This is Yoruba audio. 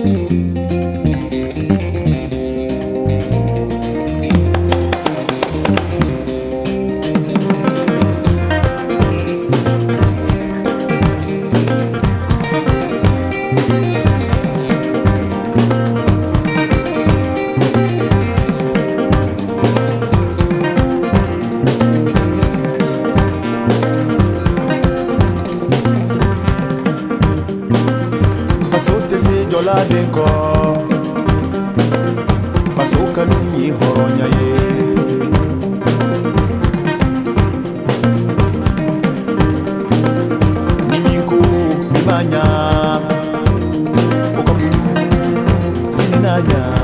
Mm-hmm. Oládékọ Fàṣọkà lóyìn ọ̀rọ̀ yàyé. Mímíkó mímánya, ọkọ̀ mímú sínú náà yàn.